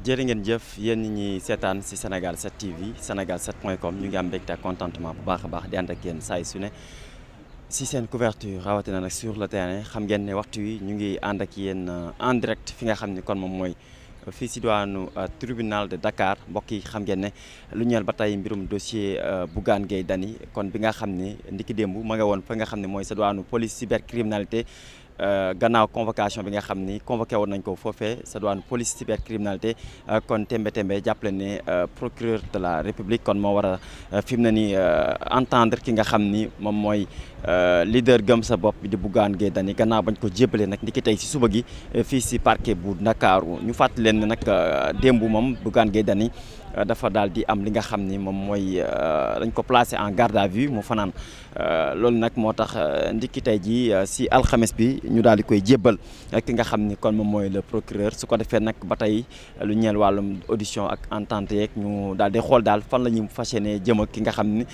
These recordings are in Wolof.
jërë ngeen jëf yéen ñi seetaan si Sénégal 7 TV Sénégal 7 point comme ñu ngi am mbégte ak contentement bu baax a baax di ànd ak yéen saay su ne si seen couverture rawatina nag sur le terrain xam ngeen ne waxtu wi ñu ngi ànd ak yenn euh, en direct fi nga xam ni kon moom mooy euh, fii si diwaanu euh, tribunal de Dakar mbokk yi xam ngeen ne lu ñeel ba tey mbirum dossier Bougane Gueye Dany kon bi nga xam ne ndiki démb ma nga woon fa nga xam ne mooy sa diwaanu police cybercriminalité Euh, gannaaw convocation bi nga xam ni convoqué woon nañ ko foofee sa douane police cybercriminalité euh, kon tembe tembe jàppale ne euh, procureur de la république kon moo war a fi mu ne nii entendre ki nga xam ni moom mooy leader gëm sa bopp bi di Bougane Gueye Dany gannaaw bañ ko jébbale nag ni ki tey si suba gi fii si parquet bu Ndakaaru ñu fàttali leen ne nag démb moom Bougane Gueye dani Euh, dafa daal di am li nga xam ni moom mooy euh, dañ ko placé en garde à vue mu fanaan euh, loolu nag moo tax ndikki tey jii si alxemes bi ñu daal di koy jébbal ki nga xam ni kon moom mooy le procureur su ko defee nag ba tey lu ñeel wàllum audition ak entente ñu daal di xool daal fan la ñu fas yéenee jëm ak ki nga xam ni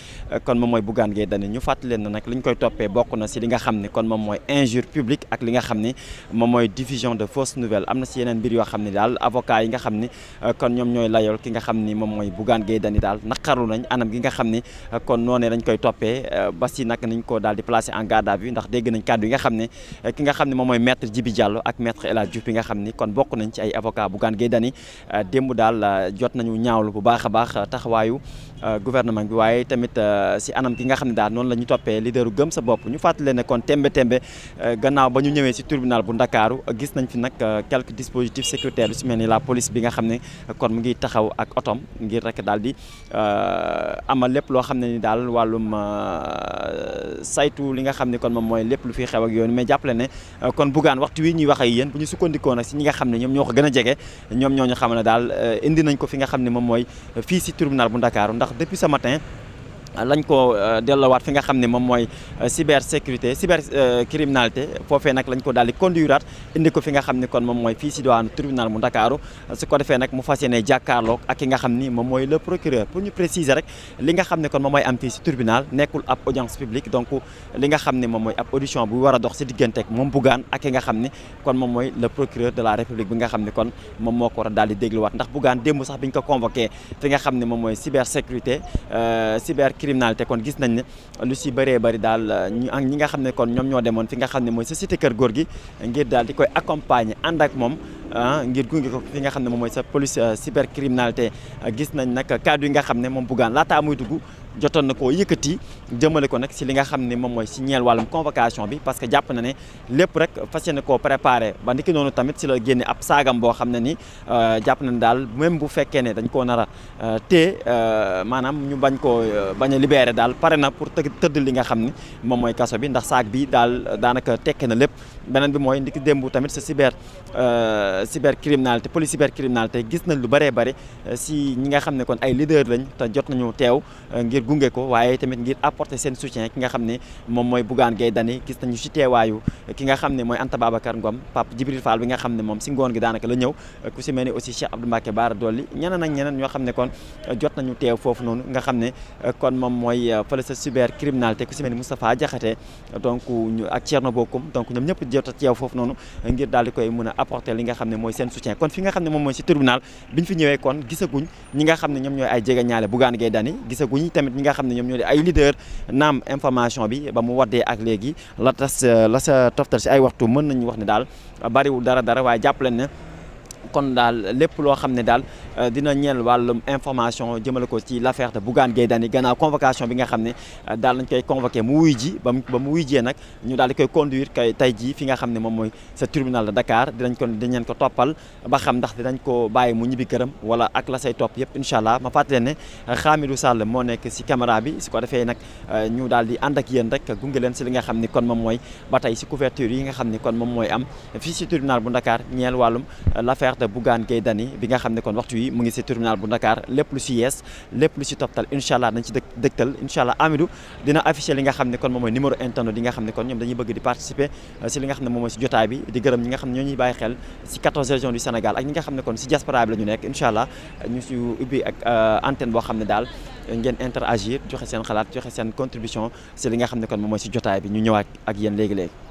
kon moom mooy Bougane Gueye Dany ñu fàttali leen na nag li ñu koy toppee bokk na si li nga xam ni kon moom mooy injure publique ak li nga xam ni moom mooy diffusion de fausses nouvelles am na si yeneen mbir yoo xam ni daal avocat yi nga xam ni kon ñoom ñooy layool ki nga xam ni moom mooy Bougane Gueye Dany daal naqarlu nañ anam gi nga xam ni kon noonee dañ koy toppee ba si nag nañ ko daal di placer en garde à ndax dégg yi nga xam ne ki nga xam ne moom mooy maître Djibi nañu ñaawlu a baax bi nga xam ne kon ba ñu ñëwee bu Ndakaaru gis nañ fi nag quelques dispositifs la bi nga xam mu ngi taxaw ak otom ngir rekk daal di euh, amal lépp loo xam ne ni daal wàllum euh, saytu li nga xam ne kon moom mooy lépp lu fi xew ak yoon mais jàppale ne euh, kon Bougane waxtu wi ñuy wax ak yéen bu ñu sukkandikoo nag si ñi nga xam ne ñoom ñoo ko gën a jege ñoom ñoo ñu xam ne daal indi nañ ko fi nga xam ne moom mooy fii si tribunal bu Ndakaaru ndax depuis ce matin lañ ko euh, dellowaat fi nga xam ne moom mooy euh, cybersécurité cybercriminalité euh, foofee nag lañ ko daal di conduiraat indi ko fi nga xam ne kon moom mooy fii si diwaanu tribunal mu Ndakaaru ko defee nag mu fas yéene jàkkaarloog ak ki nga xam ni moom mooy le procureur pour ñu préciser ne kon moom mooy am fii si tribunal nekkul ab audience publique donc li nga xam ne moom mooy ab audition bu war a dox si diggante ak moom Bougane ak ki nga xam ne kon moom mooy le procureur de la république bi nga xam ne kon moom moo ko war a daal di dégluwaat ndax Bougane démb sax biñ ko convoqué fi nga xam ne moom mooy cybersécurité cyber criminalité kon gis nañ ne lu si bëree bëri daal ñu ak ñi nga xam ne kon ñoom ñoo demoon fi nga xam ne mooy société kër góor gi ngir daal di koy accompagner ànd ak moom ah ngir gunge ko fi nga xam ne moom mooy sa police euh, cybercriminalité euh, gis nañ nag kàddu yi nga xam ne moom buggaan laataa muy dugg jotoon na koo yëkkati jëmale ko nag si li nga xam ne moom mooy si ñeel wàllum convocation bi parce que jàpp na ne lépp rek fas yéene koo préparé ba ndikki noonu tamit si la génne ab saagam boo xam ne ni euh, jàpp na ne daal même bu fekkee ne dañ koo nara a te maanaam ñu bañ ko bañ a libéré daal pare na pour tëdd li nga xam ne moom mooy kaso bi ndax saag bi daal daanaka tekke na lépp beneen bi mooy ndiki démb tamit sa cyber cybercriminalité police cybercriminalité gis nañ lu bëree bëri euh, si ñi nga xam ne kon ay leader lañ te jot nañu teew euh, ngir gunge ko waaye tamit ngir apporter seen soutien ki nga xam ne moom mooy Bougane Gueye Dany gis nañu si teewaayu ki nga xam ne mooy Anta Babacar Ngom Pape Djibril Fall bi nga xam ne moom si ngoon gi daanaka la ñëw euh, ku si mel ni aussi Cheikh Abdou Mbacké Bara Dolly ñeneen ak ñeneen ñoo xam ne kon jot nañu teew foofu noonu nga xam ne kon moom mooy fële sa cybercriminalité ku si mel ni Moustapha Diakhaté donc ak Thierno Bocoum donc ñoom a teew foofu noonu ngir daal di koy mën xam ne mooy seen soutien kon fi nga xam ne moom mooy si tribunal bi ñu fi ñëwee kon gisaguñ ñi nga xam ne ñoom ñooy ay jege ñaale Bougane Gueye Dany gisaguñ tamit ñi nga xam ne ñoom ñoo di ay leader naam information bi ba mu waddee ak léegi la tas la sa toftal si ay waxtu mën nañu wax ne daal bariwul dara dara waaye jàpp leen kon daal lépp loo xam ne daal euh, dina ñeel wàllum information jëmale ko ci l'affaire de Bougane Gueye Dany gannaaw convocation bi nga xam ne euh, daal lañ koy convoqué mu wuy ji ba mu wuy jee daal di koy conduire kay tey ji fi nga xam ne moom mooy sa tribunal de Dakar dinañ ko dinañ ko toppal ba xam ndax dinañ ko bàyyi mu ñibbi këram wala ak la say topp yëpp incha allah ma fàttali ne Xaamidu Sall moo nekk si caméra bi su ko defee nag euh, ñu daal di ànd ak yéen rek gunge leen si li nga xam ni kon moom mooy ba tey si couverture yi nga xam ni kon moom mooy am fii si tribunal bu Dakar ñeel wàllum l'affaire te Bougane Gueye Dany bi nga xam ne kon waxtu yi mu ngi si tribunal bu Dakar lépp lu si yees lépp lu si toptal incha allah nañ ci dë dëgtal incha allah Amidou dina affiché li nga xam ne kon moom mooy numéro internet yi nga xam ne kon ñoom dañuy bëgg di participer euh, si ne moom mooy si jotaay bi di gërëm ñi nga xam ne ñoo ñuy bàyyi xel si 14 régions du bi la ñu nekk ak euh, antenne boo xam ne daal ngeen interagir joxe seen xalaat joxe seen contribution li nga xam ne kon moom mooy si jotaay bi ñu ñëwaat ak yéen léegi-léegi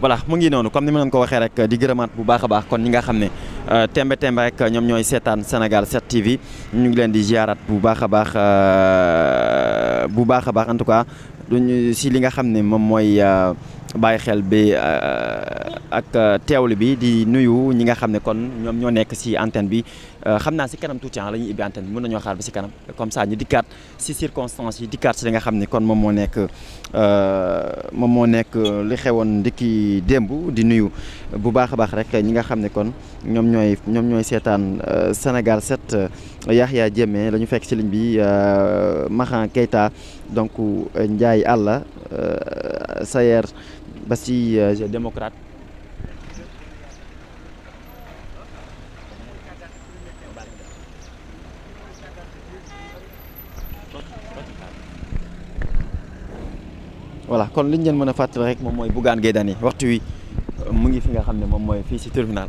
voilà mu ngi noonu comme ni ma leen ko waxee rek di gërëmaat bu baax a baax kon ñi nga xam ne euh, tembe tembe rek ñoom ñooy seetaan Sénégal 7 TV ñu ngi leen di ziaraat bu baax a baax euh, bu baax a baax en tout cas duñ si li nga xam ne moom mooy euh, bàyyi xel bi euh, ak euh, teewlu bi di nuyu ñi nga xam ne kon ñoom ñoo nekk si antenne bi xam naa si kanam tuuti ah, la ñuy ibbi antenne bi mën nañoo xaar ba si kanam comme ça ñu dikkaat si circonstances yi dikkaat si li nga xam ne kon moom moo nekk moom moo nekk li xewoon ndikki démb di nuyu bu baax a baax rek ñi nga xam ne kon ñoom ñooy ñoom ñooy seetaan Sénégal set Yaxya Diémé lañu fekk ci ligne bi euh, Maxan Keita donc euh, njaay Alla euh, Sayer ba si démocrate voilà kon liñ leen mën a fàttali rek moom mooy Bougane Gueye Dany waxtu wi mu ngi fi nga xam ne moom mooy fii si tribunal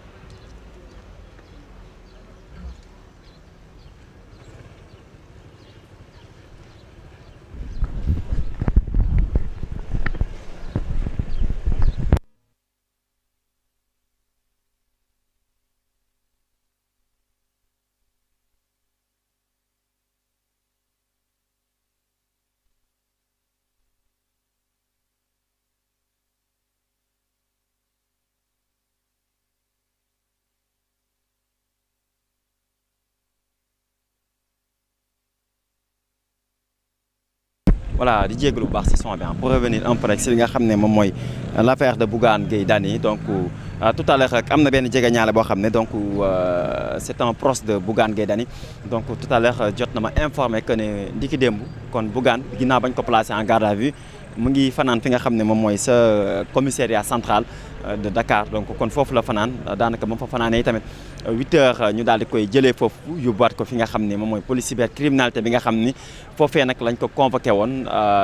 voilà di jégalu bu baax si son bi pour revenir un peu rek si li nga xam ne moom mooy euh, l' affaire de Bougane Gueye Dany donc euh, tout à l'heure rek am na benn jege ñaale boo xam ne donc euh, c' est un proche de Bougane Gueye Dany donc tout à l'heure jot na ma informé que ne ndiki démb kon Bougane ginnaaw bañ ko placé en garde à vue mu ngi fanaan fi nga xam ne moom mooy sa euh, commissariat centrale euh, de Dakar donc kon foofu la fanaan euh, daanaka moom fa fanaanee tamit huit heures ñu daal di koy jëlee foofu yóbbuwaat ko fi nga xam ne moom mooy police cybercriminalité bi nga xam ni foofee nag lañ ko convoqué woon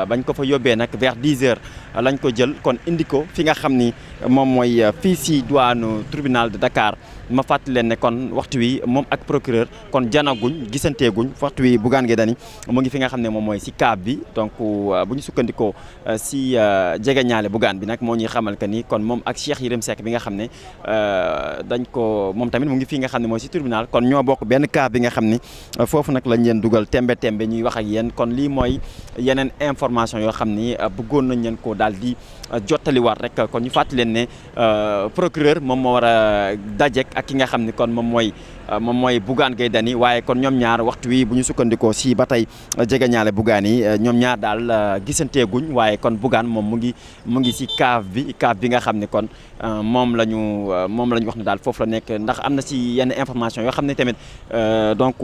bañ ko fa yóbbee nag vers dix heures lañ ko jël kon indi ko fi nga xam ni moom mooy fii si douane tribunal de Dakar. ma fàttali leen ne kon waxtu wi moom ak procureur kon janaguñ gisanteeguñ waxtu wi Bougane Gueye Dany mu ngi fi nga xam ne moom mooy si kaab bi donc euh, bu ñu sukkandikoo euh, si euh, jegeñaale Bougane bi nag moo ñuy xamal que ni kon moom ak Cheikh Yérim Seck bi nga xam ne dañ ko moom tamit mu ngi fi nga xam ne mooy si tribunal kon ñoo bokk benn kaab bi nga xam ne foofu nag lañ leen dugal tembe tembe ñuy wax ak yéen kon lii mooy yeneen information yoo xam ni bëggoon nañ leen ko daal di jottaliwaat rek kon ñu fàttali leen ne euh, procureur moom moo war a dajeek ak ki nga xam ni kon moom mooy Euh, moom mooy Bougane Gueye Dany waaye kon ñoom ñaar waxtu wi bu ñu sukkandikoo si ba tey euh, jege jegeñaale Bougane yi euh, ñoom ñaar daal gisanteeguñ waaye kon Bougane moom mu ngi mu ngi si kaaf bi kaaf bi nga xam ne kon moom la ñu moom la wax ne daal foofu la nekk ndax am na si yenn information yoo xam ne tamit donc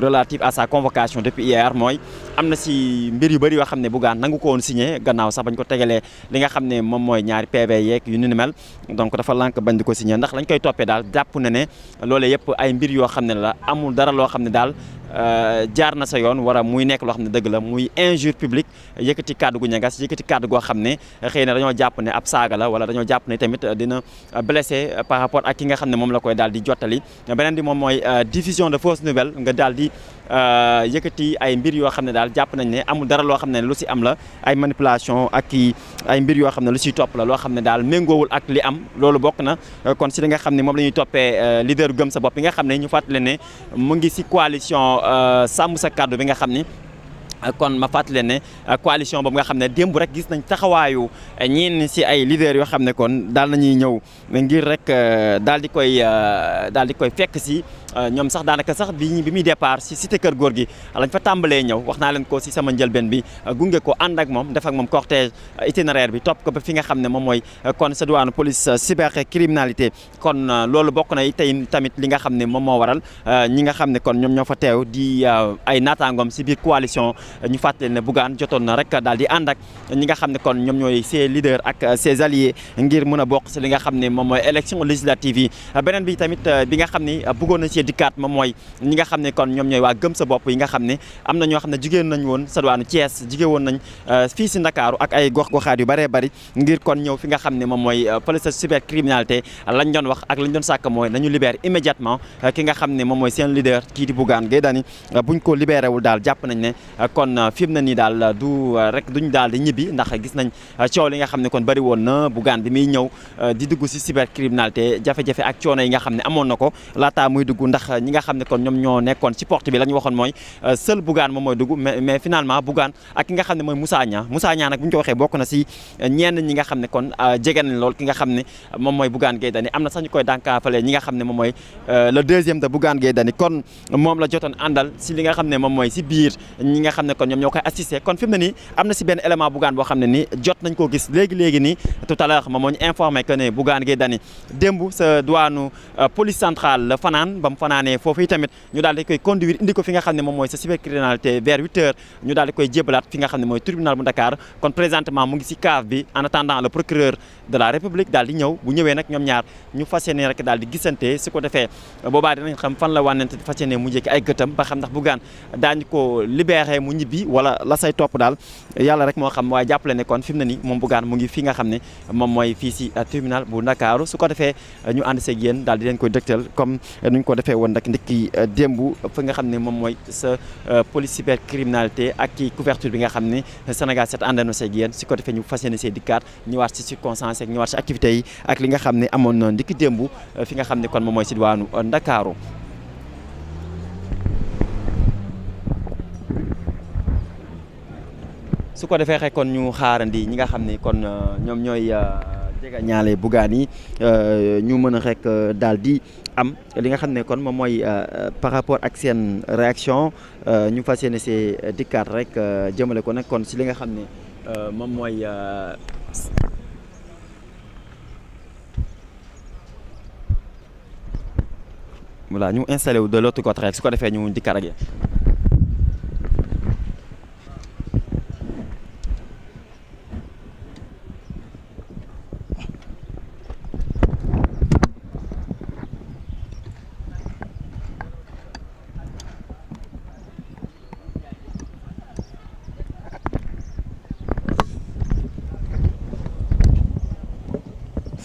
relative à sa convocation depuis hier mooy am na si mbir yu bëri yoo xam ne Bougane nangu ko woon signé gannaaw sax bañ ko tegalee li nga xam ne moom mooy ñaari PV yeeg yu ni mel donc dafa lànk bañ di ko signé ndax lañ koy toppee daal jàpp na ne loolee yëpp ay mbir yoo xam ne la amul dara loo xam ne daal Euh, jaar na sa yoon wara muy nekk loo xam ne dëgg la muy injure publique yëkkati kàddu gu ñagas yëkkati kàddu goo xam ne xëy na dañoo jàpp ne ab saaga la wala dañoo jàpp ne tamit dina blessé par rapport ak ki nga xam ne moom la koy daal di jottali beneen bi moom mooy euh, diffusion de fausses nouvelles nga daal di euh, yëkkati ay mbir yoo xam ne daal jàpp nañ ne amul dara loo xam ne lu si am la ay manipulation ak i ay mbir yoo xam ne lu siy topp la loo xam ne daal méngoowul ak li am loolu bokk na kon si li nga xam ne moom la ñuy toppee leader gëm sa bopp yi nga xam ne ñu fàttale ne mu ngi si coalition coalition euh, sàmm sa kàddu bi nga xam ni euh, kon ma fàttali leen ne euh, coalition boobu nga xam ne démb rek gis nañ taxawaayu ñeen si ay leaders yoo xam ne kon daal nañuy ñëw ngir rek daal di koy daal di koy fekk si Euh, ñoom sax daanaka sax bi bi muy départ si cité kër góor gi lañ fa tàmbalee ñëw wax naa leen ko si sama njëlbeen bi euh, gunge ko ànd ak moom def moom cortège euh, itinéraire bi topp ko ba fi nga xam ne moom mooy kon sa duwaanu police cybercriminalité kon loolu bokk na tey tamit li nga xam ne moom moo waral ñi nga xam ne kon ñoom ñoo fa teew di ay naataangoom si biir coalition ñu fàttali ne Bougane jotoon na rek daal di ànd ak ñi nga xam ne kon ñoom ñooy ses leaders ak ses alliés ngir mën a bokk si li nga xam ne moom mooy élection législative yi beneen bi tamit bi nga dikkaat moom mooy ñi nga xam ne kon ñoom ñooy waa gëm sa bopp yi nga xam ne am na ñoo xam ne jigéen nañ woon sa duwaanu Thiès jigée woon nañ euh, fii ak ay gox-goxaat yu bëree bëri ngir kon ñëw fi nga xam ne moom mooy police euh, cybercriminalité lañ doon wax ak lañ sàkk mooy nañu libérer immédiatement euh, ki nga xam ne moom mooy seen leader kii di Bougane Gueye Dany buñ ko libéré wul daal jàpp nañ ne kon fi mu ne nii daal du rek duñ daal di ñibbi ndax gis nañ coow li nga xam ne kon bëri woon na Bougane bi muy ñëw di dugg si cybercriminalité jafe-jafe ak coono yi nga xam ne amoon na ko laataa muy dugg ndax ñi nga xam ne kon ñoom ñoo nekkoon ci porte bi la waxoon mooy euh, seul Bougane moom mooy dugg mais finalement Bougane ak ki na si euh, ñenn ñi nga xam ne kon euh, jege nañ lool ki nga xam ne moom mooy Bougane Gueye Dany am na sax ñu koy dànkaafalee ñi nga xam ne moom mooy le deuxième de Bougane Gueye Dany kon moom la jotoon àndal si li nga xam ne moom mooy si biir ñi nga xam ne kon ñoom ñoo koy assisté kon fi ne nii am na si benn élément Bougane boo xam ne nii jot nañ koo gis léegi-léegi nii tout à l'heure moom moo ñu informé que fanaanee foofu tamit ñu daal di koy conduire indi ko fi nga xam ne moom mooy sa cybercriminalité vers 8 heures mooy tribunal bu Dakar kon présentement mu ngi si cave bi en attendant le procureur de la République daal di ñëw bu ñëwee nag ñoom ñaar ñu fas yéene rek daal di gisante su ko defee boobaa dinañ xam fan la wànnante fas yéene mujjee ki ay gëtam ba xam ndax Bougane daañu ko libéré mu wala la say topp daal yàlla rek moo xam waaye jàppale ne fi mu ni moom Bougane mu ngi fi nga xam ne moom mooy fii si tribunal bu Dakar su ko defee ñu ànd seeg yéen daal di leen koy dëgtal comme nuñ ko defee defee nag ndikki euh, démb fa nga xam ne moom mooy sa euh, police cybercriminalité ak ci couverture bi nga xam ne Sénégal set ànd na seeg yéen si ko defee ñu fas yéene see dikkaat ñëwaat si circonstances ak ñëwaat si activités ak li nga xam ne amoon na ndikki démb euh, fi nga xam ne kon moom mooy si diwaanu Ndakaaru su ko defee xëy kon ñu xaarandi ñi nga xam ne kon ñoom ñooy jega ñaale bugaan yi ñu mën a rek daal di am li nga xam ne kon moom mooy euh, euh, par rapport ak seen réaction euh, ñu fas yéene si dikkaat rek jëmale ko nag kon si li nga xam ne moom mooy. voilà ñu installé wu de l'autre côté rek su ko defee ñu dikkaat ak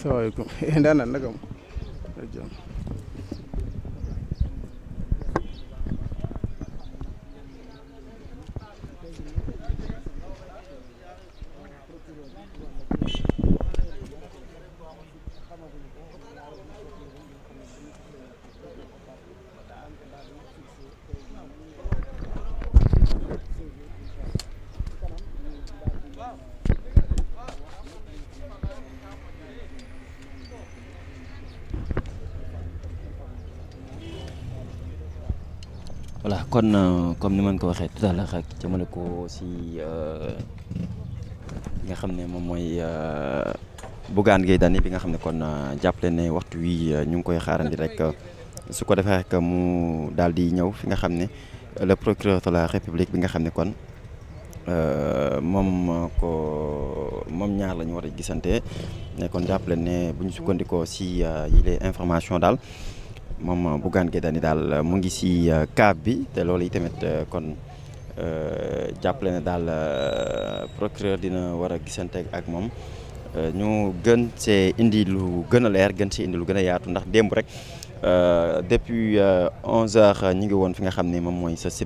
asalaamaaleykum ndaanaan nakam jàmm waaw voilà kon euh, comme ni man ko waxee tout à l'heure ak jëmale ko si euh, li nga xam ne moom mooy euh, Bougane Gueye Dany bi nga xam ne kon jàppale ne waxtu wi ñu ngi koy xaarandi rek su ko defee rek mu daal di ñëw fi nga xam ne le procureur de la république bi nga xam ne kon moom ko moom ñaar la ñu war a gisante ne kon jàppale ne bu ñu sukkandikoo si yile information daal moom Bougane Gueye Dany daal mu ngi si kaab euh, bi te loolu yi tamit euh, kon euh, jàppale na daal procureur dina war a gisante ak moom ñu gën see indi lu gën a leer gën see indi lu gën a yaatu ndax démb rek depuis 11 heures ñu ngi woon fi nga xam ne moom mooy sa